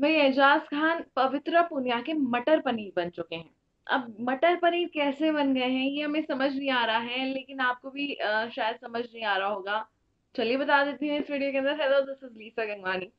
भाई एजाज खान पवित्रा पुनिया के मटर पनीर बन चुके हैं अब मटर पनीर कैसे बन गए हैं ये हमें समझ नहीं आ रहा है लेकिन आपको भी आ, शायद समझ नहीं आ रहा होगा चलिए बता देती हूँ इस वीडियो के अंदर hello this is Lisa Gangwani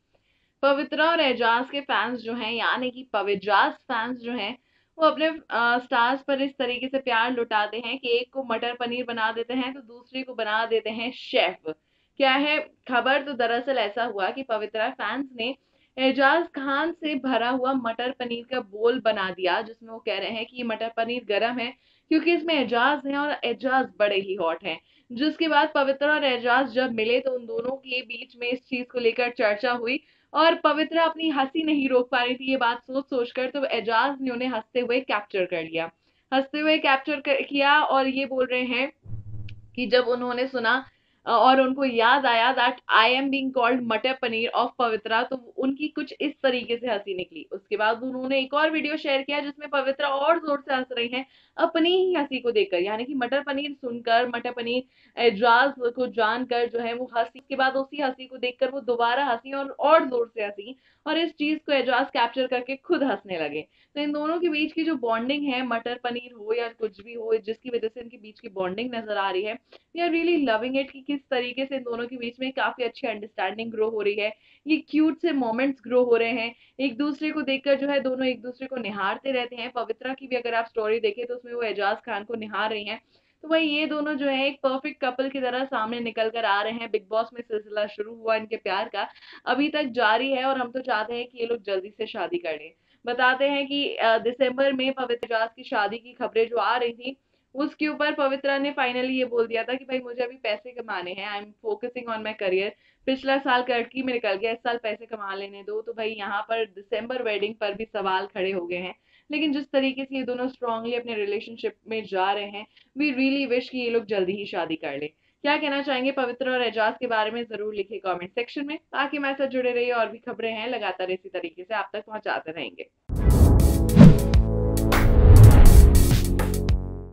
Pavitra और एजाज के फैंस जो हैं यानी कि पवित्रास फैंस जो हैं वो अपने आ, स्टार्स पर इस तरीके से प्यार लुटाते हैं कि एक को मटर पनीर बना देते हैं तो दूसरे को बना देते हैं शेफ क्या है खबर तो दरअसल ऐसा हुआ कि पवित्रा फैंस ने एजाज खान से भरा हुआ मटर पनीर का बोल बना दिया जिसमें वो कह रहे हैं कि ये मटर पनीर गर्म है क्योंकि इसमें एजाज है और एजाज बड़े ही हॉट हैं जिसके बाद पवित्र और एजाज जब मिले तो उन दोनों के बीच में इस चीज को लेकर चर्चा हुई और पवित्र अपनी हंसी नहीं रोक पा रही थी ये बात सोच सोच कर तो एजाज ने उन्हें हंसते हुए कैप्चर कर लिया हंसते हुए कैप्चर किया और ये बोल रहे हैं कि जब उन्होंने सुना और उनको याद आया that I am being called matar paneer of पवित्रा तो उनकी कुछ इस तरीके से हंसी निकली उसके बाद उन्होंने एक और वीडियो शेयर किया जिसमें पवित्रा और जोर से हंस रही हैं अपनी ही हंसी को देखकर यानी कि मटर पनीर सुनकर मटर पनीर एजाज को जानकर जो है वो हंसी के बाद उसी हंसी को देखकर वो दोबारा हंसी और और जोर से हंसी और इस चीज को एजाज कैप्चर करके खुद हंसने लगे तो इन दोनों के बीच की जो बॉन्डिंग है मटर पनीर हो या कुछ भी हो जिसकी वजह से इनके बीच की बॉन्डिंग नजर आ रही है we are really loving it किस तरीके से इन दोनों के बीच में काफ़ी अच्छी अंडरस्टैंडिंग ग्रो हो रही है ये क्यूट से मोमेंट्स ग्रो हो रहे हैं एक दूसरे को देखकर जो है दोनों एक दूसरे को निहारते रहते हैं पवित्रा की भी अगर आप स्टोरी देखें तो उसमें वो एजाज खान को निहार रही है तो वही ये दोनों जो है एक परफेक्ट कपल की तरह सामने निकल कर आ रहे हैं बिग बॉस में सिलसिला शुरू हुआ इनके प्यार का अभी तक जारी है और हम तो चाहते हैं कि ये लोग जल्दी से शादी कर लें बताते हैं कि दिसंबर में पवित्र की शादी की खबरें जो आ रही थी उसके ऊपर पवित्रा ने फाइनली ये बोल दिया था कि भाई मुझे अभी पैसे कमाने हैं I am focusing on my career पिछला साल कड़की में निकल गया इस साल पैसे कमा लेने दो तो भाई यहाँ पर दिसंबर वेडिंग पर भी सवाल खड़े हो गए हैं लेकिन जिस तरीके से ये दोनों स्ट्रांगली अपने रिलेशनशिप में जा रहे हैं वी रियली विश कि ये लोग जल्दी ही शादी कर लें क्या कहना चाहेंगे पवित्र और एजाज के बारे में जरूर लिखे कमेंट सेक्शन में ताकि मैं साथ जुड़े रहिए और भी खबरें हैं लगातार इसी तरीके से आप तक पहुंचाते रहेंगे